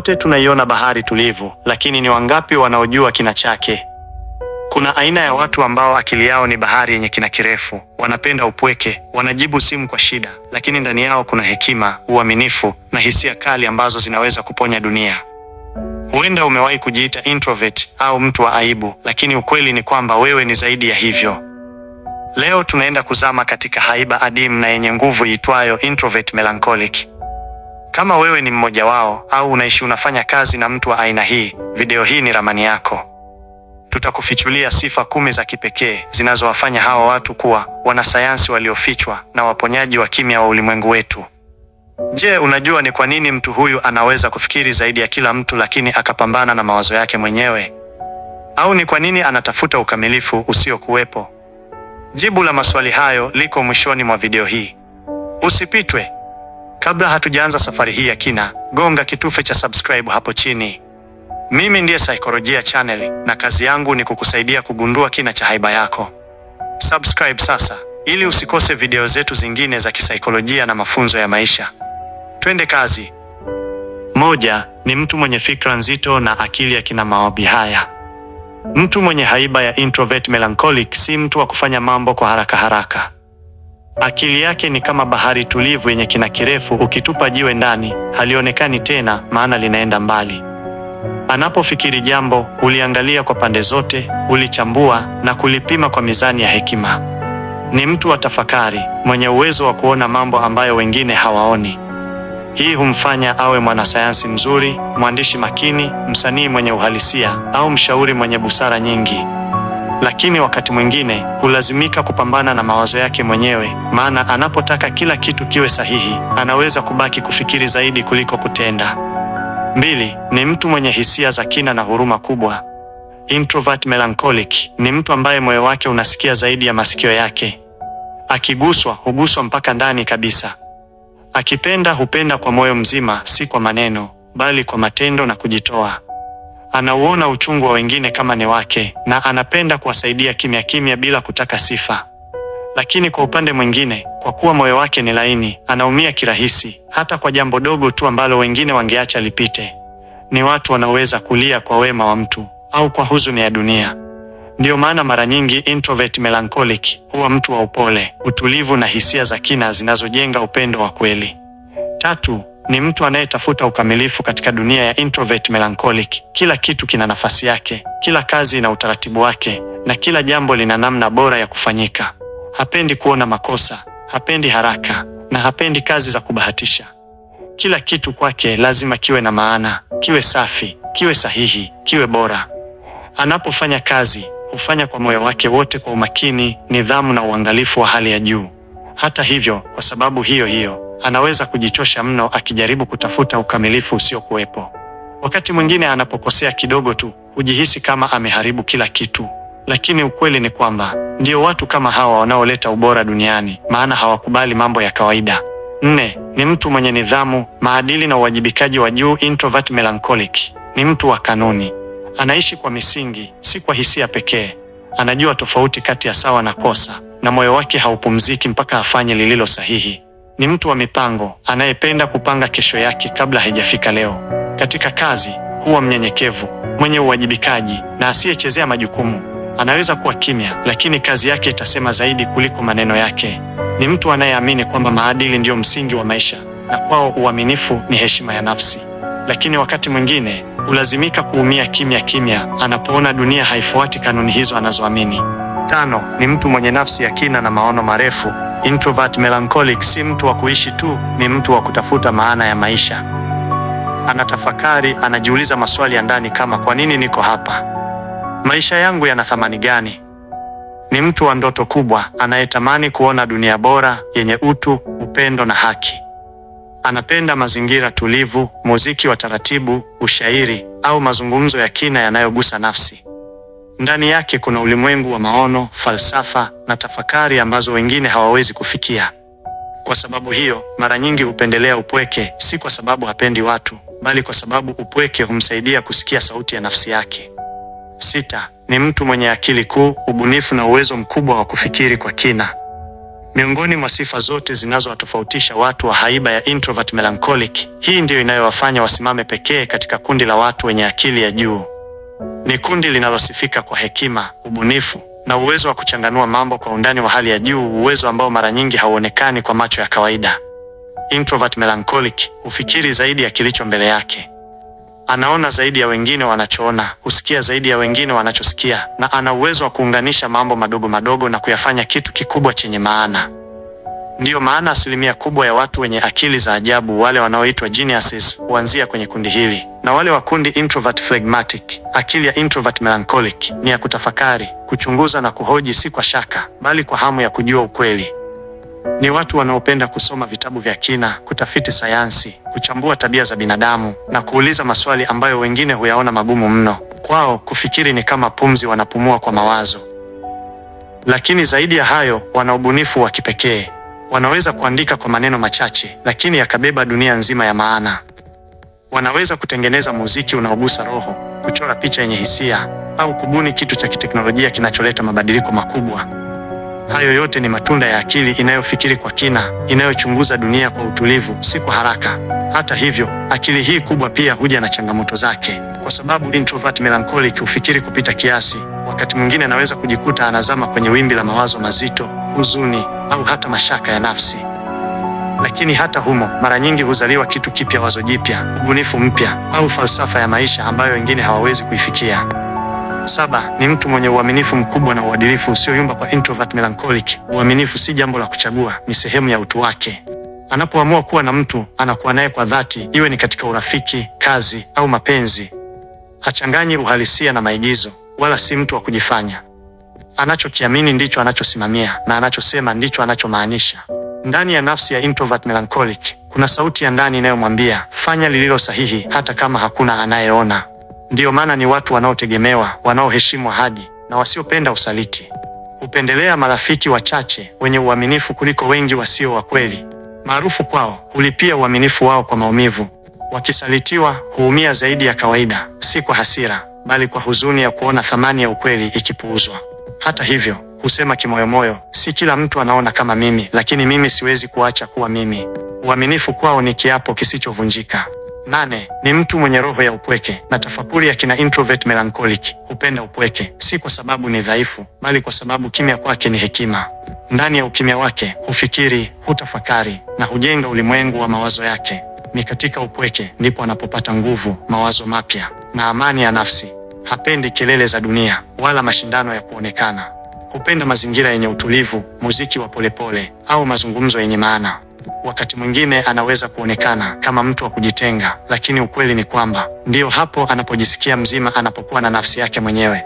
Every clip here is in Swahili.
Wote tunaiona bahari tulivu, lakini ni wangapi wanaojua kina chake? Kuna aina ya watu ambao akili yao ni bahari yenye kina kirefu, wanapenda upweke, wanajibu simu kwa shida, lakini ndani yao kuna hekima, uaminifu na hisia kali ambazo zinaweza kuponya dunia. Huenda umewahi kujiita introvert au mtu wa aibu, lakini ukweli ni kwamba wewe ni zaidi ya hivyo. Leo tunaenda kuzama katika haiba adimu na yenye nguvu iitwayo introvert melancholic. Kama wewe ni mmoja wao au unaishi unafanya kazi na mtu wa aina hii, video hii ni ramani yako. Tutakufichulia sifa kumi za kipekee zinazowafanya hawa watu kuwa wanasayansi waliofichwa na waponyaji wa kimya wa ulimwengu wetu. Je, unajua ni kwa nini mtu huyu anaweza kufikiri zaidi ya kila mtu lakini akapambana na mawazo yake mwenyewe? Au ni kwa nini anatafuta ukamilifu usiokuwepo? Jibu la maswali hayo liko mwishoni mwa video hii. Usipitwe. Kabla hatujaanza safari hii ya kina, gonga kitufe cha subscribe hapo chini. Mimi ndiye Saikolojia Channel na kazi yangu ni kukusaidia kugundua kina cha haiba yako. Subscribe sasa ili usikose video zetu zingine za kisaikolojia na mafunzo ya maisha. Twende kazi. Moja, ni mtu mwenye fikra nzito na akili ya kina maombi haya. Mtu mwenye haiba ya introvert melancholic si mtu wa kufanya mambo kwa haraka haraka. Akili yake ni kama bahari tulivu yenye kina kirefu, ukitupa jiwe ndani halionekani tena, maana linaenda mbali. Anapofikiri jambo, huliangalia kwa pande zote, hulichambua na kulipima kwa mizani ya hekima. Ni mtu wa tafakari, mwenye uwezo wa kuona mambo ambayo wengine hawaoni. Hii humfanya awe mwanasayansi mzuri, mwandishi makini, msanii mwenye uhalisia, au mshauri mwenye busara nyingi lakini wakati mwingine hulazimika kupambana na mawazo yake mwenyewe, maana anapotaka kila kitu kiwe sahihi, anaweza kubaki kufikiri zaidi kuliko kutenda. Mbili, ni mtu mwenye hisia za kina na huruma kubwa. Introvert melancholic ni mtu ambaye moyo wake unasikia zaidi ya masikio yake. Akiguswa huguswa mpaka ndani kabisa. Akipenda hupenda kwa moyo mzima, si kwa maneno, bali kwa matendo na kujitoa. Anauona uchungu wa wengine kama ni wake na anapenda kuwasaidia kimya kimya bila kutaka sifa. Lakini kwa upande mwingine, kwa kuwa moyo wake ni laini, anaumia kirahisi, hata kwa jambo dogo tu ambalo wengine wangeacha lipite. Ni watu wanaoweza kulia kwa wema wa mtu au kwa huzuni ya dunia. Ndiyo maana mara nyingi introvert melancholic huwa mtu wa upole, utulivu na hisia za kina zinazojenga upendo wa kweli. Tatu, ni mtu anayetafuta ukamilifu katika dunia ya introvert melancholic. Kila kitu kina nafasi yake, kila kazi ina utaratibu wake, na kila jambo lina namna bora ya kufanyika. Hapendi kuona makosa, hapendi haraka, na hapendi kazi za kubahatisha. Kila kitu kwake lazima kiwe na maana, kiwe safi, kiwe sahihi, kiwe bora. Anapofanya kazi hufanya kwa moyo wake wote, kwa umakini, nidhamu na uangalifu wa hali ya juu. Hata hivyo, kwa sababu hiyo hiyo anaweza kujichosha mno akijaribu kutafuta ukamilifu usiokuwepo. Wakati mwingine anapokosea kidogo tu hujihisi kama ameharibu kila kitu, lakini ukweli ni kwamba ndio watu kama hawa wanaoleta ubora duniani, maana hawakubali mambo ya kawaida. Nne, ni mtu mwenye nidhamu, maadili na uwajibikaji wa juu. Introvert melancholic ni mtu wa kanuni, anaishi kwa misingi, si kwa hisia pekee. Anajua tofauti kati ya sawa na kosa, na moyo wake haupumziki mpaka afanye lililo sahihi ni mtu wa mipango anayependa kupanga kesho yake kabla haijafika leo. Katika kazi huwa mnyenyekevu, mwenye uwajibikaji na asiyechezea majukumu. Anaweza kuwa kimya, lakini kazi yake itasema zaidi kuliko maneno yake. Ni mtu anayeamini kwamba maadili ndiyo msingi wa maisha, na kwao uaminifu ni heshima ya nafsi. Lakini wakati mwingine hulazimika kuumia kimya kimya anapoona dunia haifuati kanuni hizo anazoamini. Tano, ni mtu mwenye nafsi ya kina na maono marefu. Introvert melancholic si mtu wa kuishi tu, ni mtu wa kutafuta maana ya maisha. Anatafakari, anajiuliza maswali ya ndani kama kwa nini niko hapa? Maisha yangu yana thamani gani? Ni mtu wa ndoto kubwa, anayetamani kuona dunia bora yenye utu, upendo na haki. Anapenda mazingira tulivu, muziki wa taratibu, ushairi au mazungumzo ya kina yanayogusa nafsi. Ndani yake kuna ulimwengu wa maono, falsafa na tafakari ambazo wengine hawawezi kufikia. Kwa sababu hiyo, mara nyingi hupendelea upweke, si kwa sababu hapendi watu, bali kwa sababu upweke humsaidia kusikia sauti ya nafsi yake. Sita, ni mtu mwenye akili kuu, ubunifu na uwezo mkubwa wa kufikiri kwa kina. Miongoni mwa sifa zote zinazowatofautisha watu wa haiba ya introvert melancholic, hii ndiyo inayowafanya wasimame pekee katika kundi la watu wenye akili ya juu. Ni kundi linalosifika kwa hekima, ubunifu na uwezo wa kuchanganua mambo kwa undani wa hali ya juu, uwezo ambao mara nyingi hauonekani kwa macho ya kawaida. Introvert melancholic hufikiri zaidi ya kilicho mbele yake, anaona zaidi ya wengine wanachoona, husikia zaidi ya wengine wanachosikia, na ana uwezo wa kuunganisha mambo madogo madogo na kuyafanya kitu kikubwa chenye maana. Ndiyo maana asilimia kubwa ya watu wenye akili za ajabu, wale wanaoitwa geniuses, huanzia kwenye kundi hili, na wale wa kundi introvert phlegmatic, akili ya introvert melancholic ni ya kutafakari, kuchunguza na kuhoji, si kwa shaka, bali kwa hamu ya kujua ukweli. Ni watu wanaopenda kusoma vitabu vya kina, kutafiti sayansi, kuchambua tabia za binadamu na kuuliza maswali ambayo wengine huyaona magumu mno. Kwao kufikiri ni kama pumzi, wanapumua kwa mawazo. Lakini zaidi ya hayo, wana ubunifu wa kipekee. Wanaweza kuandika kwa maneno machache, lakini yakabeba dunia nzima ya maana. Wanaweza kutengeneza muziki unaogusa roho, kuchora picha yenye hisia, au kubuni kitu cha kiteknolojia kinacholeta mabadiliko makubwa. Hayo yote ni matunda ya akili inayofikiri kwa kina, inayochunguza dunia kwa utulivu, si kwa haraka. Hata hivyo, akili hii kubwa pia huja na changamoto zake, kwa sababu introvert melancholic hufikiri kupita kiasi. Wakati mwingine anaweza kujikuta anazama kwenye wimbi la mawazo mazito, huzuni au hata mashaka ya nafsi. Lakini hata humo, mara nyingi huzaliwa kitu kipya, wazo jipya, ubunifu mpya, au falsafa ya maisha ambayo wengine hawawezi kuifikia. Saba, ni mtu mwenye uaminifu mkubwa na uadilifu usioyumba kwa introvert melancholic. Uaminifu si jambo la kuchagua, ni sehemu ya utu wake. Anapoamua kuwa na mtu, anakuwa naye kwa dhati, iwe ni katika urafiki, kazi au mapenzi. Hachanganyi uhalisia na maigizo, wala si mtu wa kujifanya. Anachokiamini ndicho anachosimamia na anachosema ndicho anachomaanisha. Ndani ya nafsi ya introvert melancholic kuna sauti ya ndani inayomwambia fanya lililo sahihi, hata kama hakuna anayeona. Ndiyo maana ni watu wanaotegemewa, wanaoheshimu ahadi na wasiopenda usaliti. Hupendelea marafiki wachache wenye uaminifu kuliko wengi wasio wa kweli. Maarufu kwao hulipia uaminifu wao kwa maumivu. Wakisalitiwa huumia zaidi ya kawaida, si kwa hasira, bali kwa huzuni ya kuona thamani ya ukweli ikipuuzwa. Hata hivyo, husema kimoyomoyo, si kila mtu anaona kama mimi, lakini mimi siwezi kuacha kuwa mimi. Uaminifu kwao ni kiapo kisichovunjika. Nane, ni mtu mwenye roho ya upweke na tafakuri ya kina introvert melancholic. Hupenda upweke, si kwa sababu ni dhaifu, bali kwa sababu kimya kwake ni hekima. Ndani ya ukimya wake hufikiri, hutafakari na hujenga ulimwengu wa mawazo yake. Ni katika upweke ndipo anapopata nguvu, mawazo mapya na amani ya nafsi. Hapendi kelele za dunia wala mashindano ya kuonekana. Hupenda mazingira yenye utulivu, muziki wa polepole au mazungumzo yenye maana. Wakati mwingine anaweza kuonekana kama mtu wa kujitenga, lakini ukweli ni kwamba ndiyo hapo anapojisikia mzima, anapokuwa na nafsi yake mwenyewe.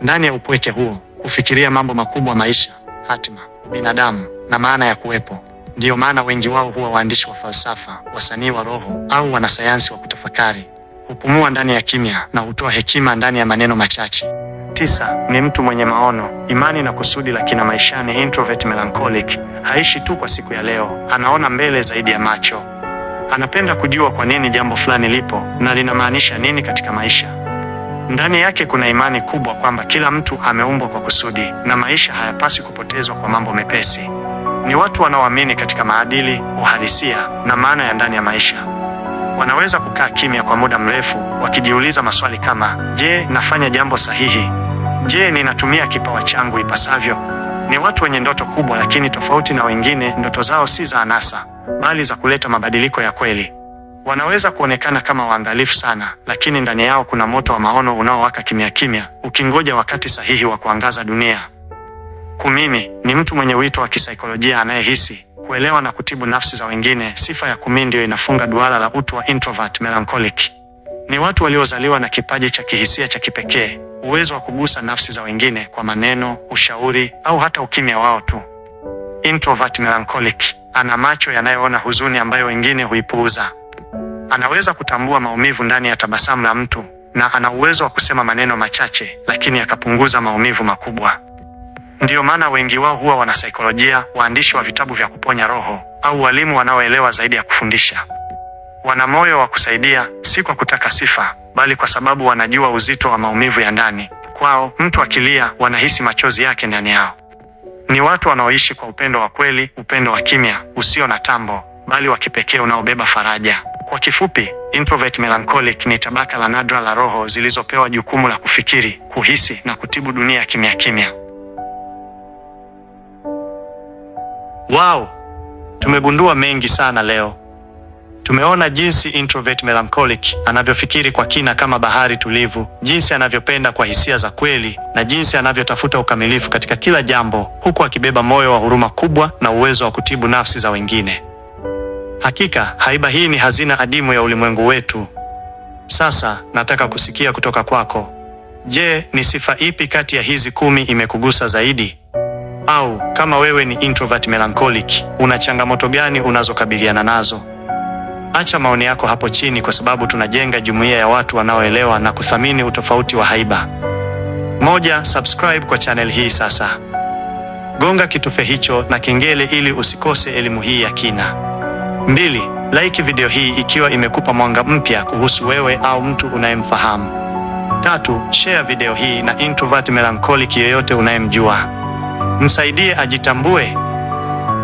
Ndani ya upweke huo hufikiria mambo makubwa: maisha, hatima, ubinadamu na maana ya kuwepo. Ndiyo maana wengi wao huwa waandishi wa falsafa, wasanii wa roho au wanasayansi wa kutafakari hupumua ndani ya kimya na hutoa hekima ndani ya maneno machache. Tisa, ni mtu mwenye maono, imani na kusudi la kina maishani. Introvert melancholic haishi tu kwa siku ya leo, anaona mbele zaidi ya macho. Anapenda kujua kwa nini jambo fulani lipo na linamaanisha nini katika maisha. Ndani yake kuna imani kubwa kwamba kila mtu ameumbwa kwa kusudi na maisha hayapaswi kupotezwa kwa mambo mepesi. Ni watu wanaoamini katika maadili, uhalisia na maana ya ndani ya maisha wanaweza kukaa kimya kwa muda mrefu wakijiuliza maswali kama, je, nafanya jambo sahihi? Je, ninatumia kipawa changu ipasavyo? Ni watu wenye ndoto kubwa, lakini tofauti na wengine, ndoto zao si za anasa, bali za kuleta mabadiliko ya kweli. Wanaweza kuonekana kama waangalifu sana, lakini ndani yao kuna moto wa maono unaowaka kimya kimya, ukingoja wakati sahihi wa kuangaza dunia. Kumimi ni mtu mwenye wito wa kisaikolojia anayehisi kuelewa na kutibu nafsi za wengine. Sifa ya kumi ndiyo inafunga duara la utu wa introvert melancholic. Ni watu waliozaliwa na kipaji cha kihisia cha kipekee, uwezo wa kugusa nafsi za wengine kwa maneno, ushauri au hata ukimya wao tu. Introvert melancholic ana macho yanayoona huzuni ambayo wengine huipuuza. Anaweza kutambua maumivu ndani ya tabasamu la mtu na ana uwezo wa kusema maneno machache lakini akapunguza maumivu makubwa. Ndiyo maana wengi wao huwa wanasaikolojia, waandishi wa vitabu vya kuponya roho, au walimu wanaoelewa zaidi ya kufundisha. Wana moyo wa kusaidia, si kwa kutaka sifa, bali kwa sababu wanajua uzito wa maumivu ya ndani. Kwao mtu akilia, wanahisi machozi yake ndani yao. Ni watu wanaoishi kwa upendo wa kweli, upendo wa kimya, usio na tambo, bali wa kipekee unaobeba faraja. Kwa kifupi, introvert melancholic ni tabaka la nadra la roho zilizopewa jukumu la kufikiri, kuhisi na kutibu dunia kimya kimya. Wow, tumegundua mengi sana leo. Tumeona jinsi introvert melancholic anavyofikiri kwa kina kama bahari tulivu, jinsi anavyopenda kwa hisia za kweli, na jinsi anavyotafuta ukamilifu katika kila jambo, huku akibeba moyo wa huruma kubwa na uwezo wa kutibu nafsi za wengine. Hakika haiba hii ni hazina adimu ya ulimwengu wetu. Sasa nataka kusikia kutoka kwako. Je, ni sifa ipi kati ya hizi kumi imekugusa zaidi? Au kama wewe ni introvert melancholic, una changamoto gani unazokabiliana nazo? Acha maoni yako hapo chini, kwa sababu tunajenga jumuiya ya watu wanaoelewa na kuthamini utofauti wa haiba. Moja, subscribe kwa channel hii sasa, gonga kitufe hicho na kengele ili usikose elimu hii ya kina. Mbili, like video hii ikiwa imekupa mwanga mpya kuhusu wewe au mtu unayemfahamu. Tatu, share video hii na introvert melancholic yeyote unayemjua msaidie ajitambue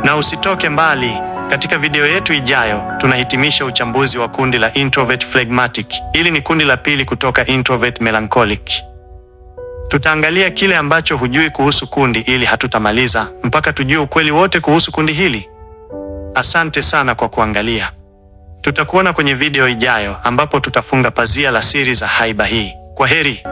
na usitoke mbali. Katika video yetu ijayo, tunahitimisha uchambuzi wa kundi la introvert phlegmatic. Hili ni kundi la pili kutoka introvert melancholic. Tutaangalia kile ambacho hujui kuhusu kundi ili hatutamaliza mpaka tujue ukweli wote kuhusu kundi hili. Asante sana kwa kuangalia. Tutakuona kwenye video ijayo ambapo tutafunga pazia la siri za haiba hii. Kwa heri.